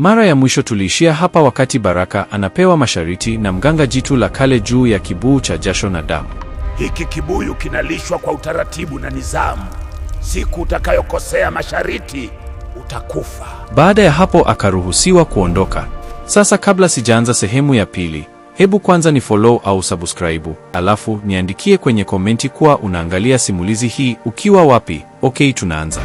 Mara ya mwisho tuliishia hapa wakati Baraka anapewa mashariti na mganga jitu la kale juu ya kibuyu cha jasho na damu. Hiki kibuyu kinalishwa kwa utaratibu na nizamu. Siku utakayokosea mashariti utakufa. Baada ya hapo akaruhusiwa kuondoka. Sasa kabla sijaanza sehemu ya pili, hebu kwanza ni follow au subscribe, alafu niandikie kwenye komenti kuwa unaangalia simulizi hii ukiwa wapi. Okay, tunaanza.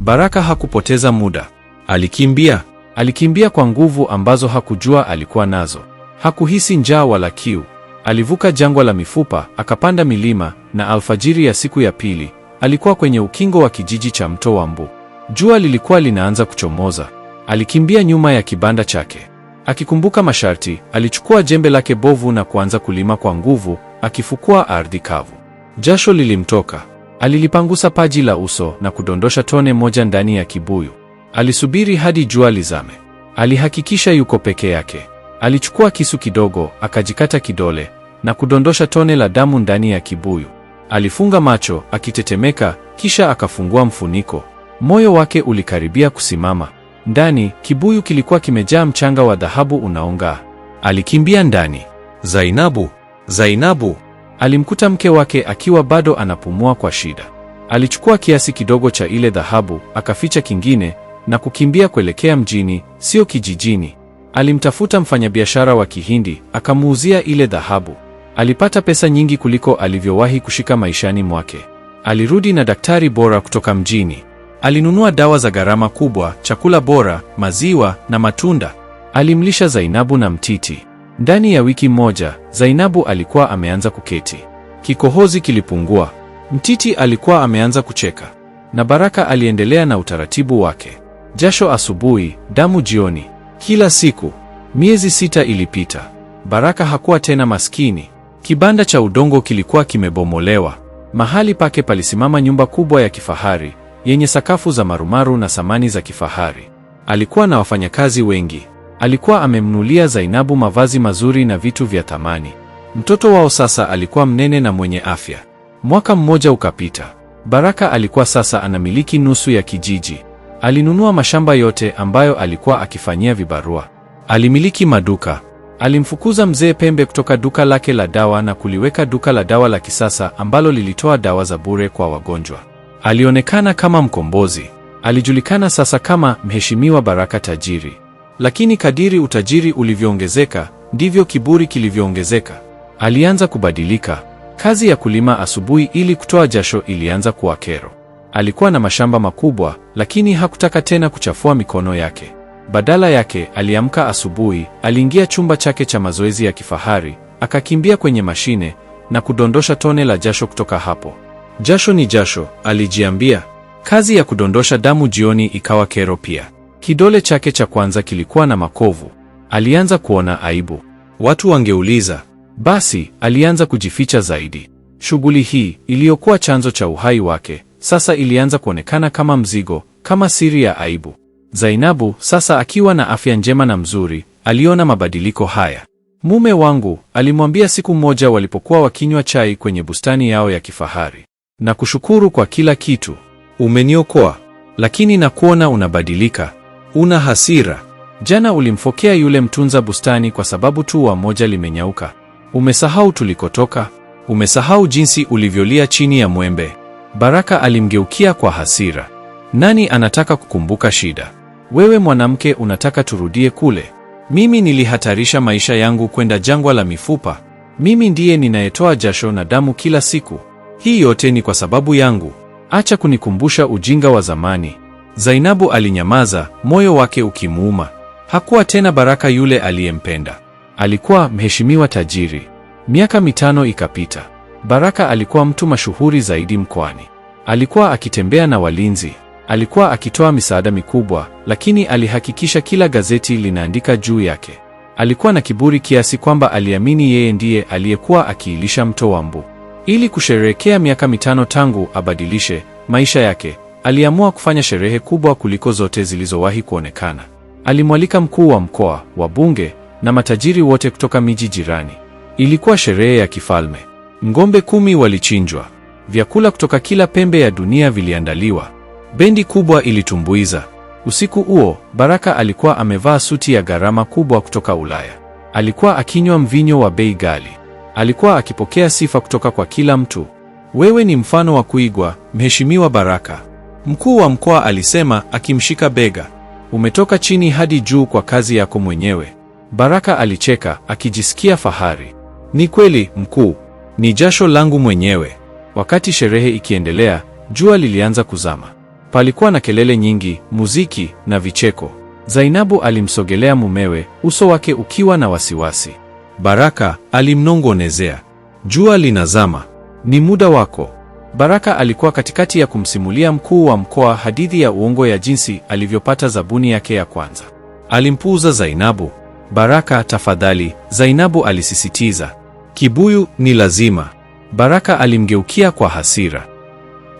Baraka hakupoteza muda. Alikimbia, alikimbia kwa nguvu ambazo hakujua alikuwa nazo. Hakuhisi njaa wala kiu. Alivuka jangwa la mifupa, akapanda milima, na alfajiri ya siku ya pili alikuwa kwenye ukingo wa kijiji cha Mto wa Mbu. Jua lilikuwa linaanza kuchomoza. Alikimbia nyuma ya kibanda chake. Akikumbuka masharti, alichukua jembe lake bovu na kuanza kulima kwa nguvu, akifukua ardhi kavu. Jasho lilimtoka. Alilipangusa paji la uso na kudondosha tone moja ndani ya kibuyu. Alisubiri hadi jua lizame. Alihakikisha yuko peke yake. Alichukua kisu kidogo, akajikata kidole na kudondosha tone la damu ndani ya kibuyu. Alifunga macho akitetemeka, kisha akafungua mfuniko. Moyo wake ulikaribia kusimama. Ndani kibuyu kilikuwa kimejaa mchanga wa dhahabu unaong'aa. Alikimbia ndani. Zainabu, Zainabu! Alimkuta mke wake akiwa bado anapumua kwa shida. Alichukua kiasi kidogo cha ile dhahabu, akaficha kingine na kukimbia kuelekea mjini, sio kijijini. Alimtafuta mfanyabiashara wa Kihindi akamuuzia ile dhahabu. Alipata pesa nyingi kuliko alivyowahi kushika maishani mwake. Alirudi na daktari bora kutoka mjini. Alinunua dawa za gharama kubwa, chakula bora, maziwa na matunda. Alimlisha Zainabu na Mtiti. Ndani ya wiki moja, Zainabu alikuwa ameanza kuketi. Kikohozi kilipungua. Mtiti alikuwa ameanza kucheka. Na Baraka aliendelea na utaratibu wake jasho asubuhi, damu jioni, kila siku. Miezi sita ilipita. Baraka hakuwa tena maskini. Kibanda cha udongo kilikuwa kimebomolewa. Mahali pake palisimama nyumba kubwa ya kifahari yenye sakafu za marumaru na samani za kifahari. Alikuwa na wafanyakazi wengi. Alikuwa amemnulia Zainabu mavazi mazuri na vitu vya thamani. Mtoto wao sasa alikuwa mnene na mwenye afya. Mwaka mmoja ukapita. Baraka alikuwa sasa anamiliki nusu ya kijiji. Alinunua mashamba yote ambayo alikuwa akifanyia vibarua. Alimiliki maduka. Alimfukuza mzee Pembe kutoka duka lake la dawa na kuliweka duka la dawa la kisasa ambalo lilitoa dawa za bure kwa wagonjwa. Alionekana kama mkombozi. Alijulikana sasa kama Mheshimiwa Baraka Tajiri. Lakini kadiri utajiri ulivyoongezeka, ndivyo kiburi kilivyoongezeka. Alianza kubadilika. Kazi ya kulima asubuhi ili kutoa jasho ilianza kuwa kero. Alikuwa na mashamba makubwa, lakini hakutaka tena kuchafua mikono yake. Badala yake, aliamka asubuhi, aliingia chumba chake cha mazoezi ya kifahari, akakimbia kwenye mashine na kudondosha tone la jasho kutoka hapo. Jasho ni jasho, alijiambia. Kazi ya kudondosha damu jioni ikawa kero pia. Kidole chake cha kwanza kilikuwa na makovu. Alianza kuona aibu. Watu wangeuliza. Basi alianza kujificha zaidi. Shughuli hii iliyokuwa chanzo cha uhai wake sasa ilianza kuonekana kama mzigo, kama siri ya aibu. Zainabu sasa akiwa na afya njema na mzuri, aliona mabadiliko haya. Mume wangu, alimwambia siku moja walipokuwa wakinywa chai kwenye bustani yao ya kifahari, na kushukuru kwa kila kitu. Umeniokoa, lakini nakuona unabadilika, una hasira. Jana ulimfokea yule mtunza bustani kwa sababu tu wa moja limenyauka. Umesahau tulikotoka, umesahau jinsi ulivyolia chini ya mwembe. Baraka alimgeukia kwa hasira. Nani anataka kukumbuka shida? Wewe mwanamke unataka turudie kule? Mimi nilihatarisha maisha yangu kwenda jangwa la mifupa. Mimi ndiye ninayetoa jasho na damu kila siku. Hii yote ni kwa sababu yangu. Acha kunikumbusha ujinga wa zamani. Zainabu alinyamaza, moyo wake ukimuuma. Hakuwa tena Baraka yule aliyempenda. Alikuwa mheshimiwa tajiri. Miaka mitano ikapita. Baraka alikuwa mtu mashuhuri zaidi mkoani. Alikuwa akitembea na walinzi, alikuwa akitoa misaada mikubwa, lakini alihakikisha kila gazeti linaandika juu yake. Alikuwa na kiburi kiasi kwamba aliamini yeye ndiye aliyekuwa akiilisha mto wa Mbu. Ili kusherehekea miaka mitano tangu abadilishe maisha yake, aliamua kufanya sherehe kubwa kuliko zote zilizowahi kuonekana. Alimwalika mkuu wa mkoa, wabunge na matajiri wote kutoka miji jirani. Ilikuwa sherehe ya kifalme. Ng'ombe kumi walichinjwa, vyakula kutoka kila pembe ya dunia viliandaliwa, bendi kubwa ilitumbuiza. Usiku huo Baraka alikuwa amevaa suti ya gharama kubwa kutoka Ulaya. Alikuwa akinywa mvinyo wa bei ghali. Alikuwa akipokea sifa kutoka kwa kila mtu. Wewe ni mfano wa kuigwa, mheshimiwa Baraka, mkuu wa mkoa alisema, akimshika bega. Umetoka chini hadi juu kwa kazi yako mwenyewe. Baraka alicheka akijisikia fahari. Ni kweli mkuu. Ni jasho langu mwenyewe. Wakati sherehe ikiendelea, jua lilianza kuzama. Palikuwa na kelele nyingi, muziki na vicheko. Zainabu alimsogelea mumewe, uso wake ukiwa na wasiwasi. Baraka alimnongonezea, jua linazama, ni muda wako. Baraka alikuwa katikati ya kumsimulia mkuu wa mkoa hadithi ya uongo ya jinsi alivyopata zabuni yake ya kwanza. Alimpuuza Zainabu. Baraka, tafadhali, Zainabu alisisitiza. Kibuyu ni lazima. Baraka alimgeukia kwa hasira.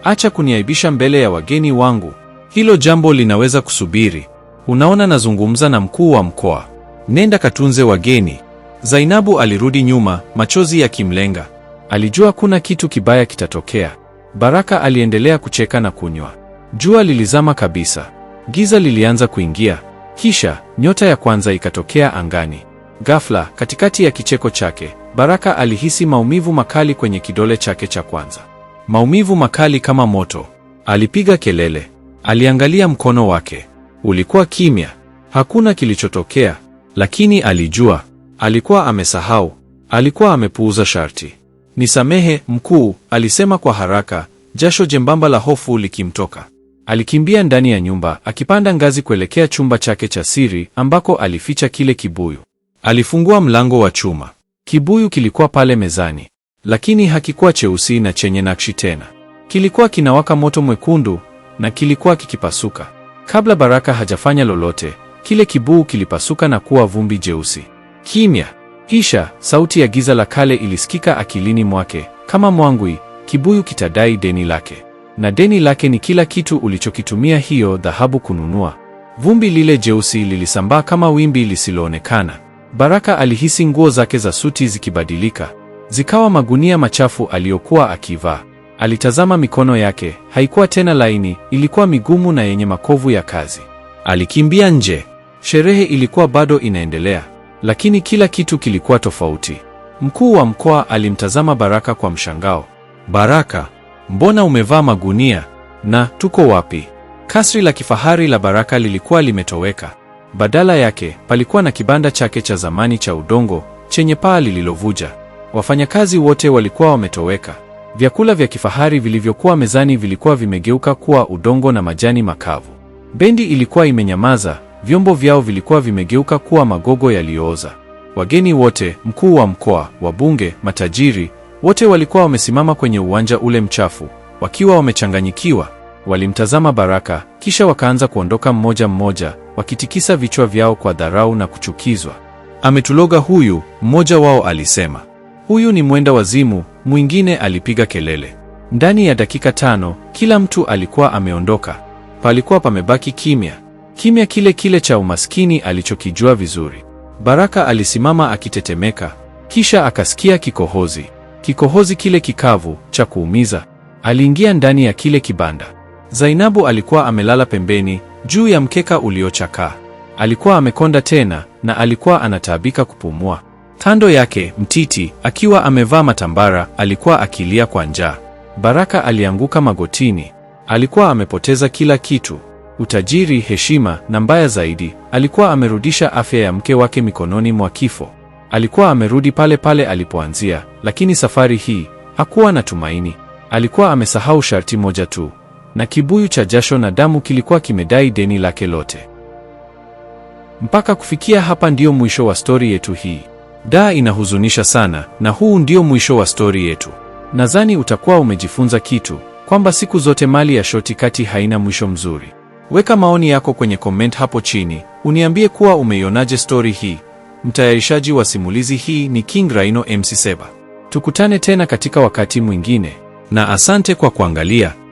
Acha kuniaibisha mbele ya wageni wangu, hilo jambo linaweza kusubiri. Unaona, nazungumza na mkuu wa mkoa, nenda katunze wageni. Zainabu alirudi nyuma, machozi yakimlenga. Alijua kuna kitu kibaya kitatokea. Baraka aliendelea kucheka na kunywa. Jua lilizama kabisa, giza lilianza kuingia, kisha nyota ya kwanza ikatokea angani. Ghafla, katikati ya kicheko chake Baraka alihisi maumivu makali kwenye kidole chake cha kwanza, maumivu makali kama moto. Alipiga kelele, aliangalia mkono wake, ulikuwa kimya, hakuna kilichotokea, lakini alijua alikuwa amesahau, alikuwa amepuuza sharti. Nisamehe mkuu, alisema kwa haraka, jasho jembamba la hofu likimtoka. Alikimbia ndani ya nyumba, akipanda ngazi kuelekea chumba chake cha siri ambako alificha kile kibuyu. Alifungua mlango wa chuma. Kibuyu kilikuwa pale mezani, lakini hakikuwa cheusi na chenye nakshi tena. Kilikuwa kinawaka moto mwekundu na kilikuwa kikipasuka. Kabla Baraka hajafanya lolote, kile kibuyu kilipasuka na kuwa vumbi jeusi. Kimya. Kisha sauti ya giza la kale ilisikika akilini mwake kama mwangwi: kibuyu kitadai deni lake, na deni lake ni kila kitu ulichokitumia hiyo dhahabu kununua. Vumbi lile jeusi lilisambaa kama wimbi lisiloonekana. Baraka alihisi nguo zake za suti zikibadilika, zikawa magunia machafu aliyokuwa akivaa. Alitazama mikono yake, haikuwa tena laini, ilikuwa migumu na yenye makovu ya kazi. Alikimbia nje. Sherehe ilikuwa bado inaendelea, lakini kila kitu kilikuwa tofauti. Mkuu wa mkoa alimtazama Baraka kwa mshangao. Baraka, mbona umevaa magunia? Na tuko wapi? Kasri la kifahari la Baraka lilikuwa limetoweka. Badala yake palikuwa na kibanda chake cha zamani cha udongo chenye paa lililovuja. Wafanyakazi wote walikuwa wametoweka. Vyakula vya kifahari vilivyokuwa mezani vilikuwa vimegeuka kuwa udongo na majani makavu. Bendi ilikuwa imenyamaza, vyombo vyao vilikuwa vimegeuka kuwa magogo yaliyooza. Wageni wote, mkuu wa mkoa, wabunge, matajiri, wote walikuwa wamesimama kwenye uwanja ule mchafu, wakiwa wamechanganyikiwa. Walimtazama Baraka, kisha wakaanza kuondoka mmoja mmoja, wakitikisa vichwa vyao kwa dharau na kuchukizwa. Ametuloga huyu, mmoja wao alisema. Huyu ni mwenda wazimu, mwingine alipiga kelele. Ndani ya dakika tano kila mtu alikuwa ameondoka. Palikuwa pamebaki kimya, kimya kile kile cha umaskini alichokijua vizuri. Baraka alisimama akitetemeka, kisha akasikia kikohozi, kikohozi kile kikavu cha kuumiza. Aliingia ndani ya kile kibanda. Zainabu alikuwa amelala pembeni juu ya mkeka uliochakaa. Alikuwa amekonda tena na alikuwa anataabika kupumua. Kando yake Mtiti akiwa amevaa matambara alikuwa akilia kwa njaa. Baraka alianguka magotini. Alikuwa amepoteza kila kitu, utajiri, heshima, na mbaya zaidi, alikuwa amerudisha afya ya mke wake mikononi mwa kifo. Alikuwa amerudi pale pale alipoanzia, lakini safari hii hakuwa na tumaini. Alikuwa amesahau sharti moja tu, na kibuyu cha jasho na damu kilikuwa kimedai deni lake lote. Mpaka kufikia hapa ndiyo mwisho wa stori yetu hii. Da, inahuzunisha sana, na huu ndio mwisho wa stori yetu. Nadhani utakuwa umejifunza kitu, kwamba siku zote mali ya shoti kati haina mwisho mzuri. Weka maoni yako kwenye comment hapo chini, uniambie kuwa umeionaje stori hii. Mtayarishaji wa simulizi hii ni King Rhino MC Seba. Tukutane tena katika wakati mwingine, na asante kwa kuangalia.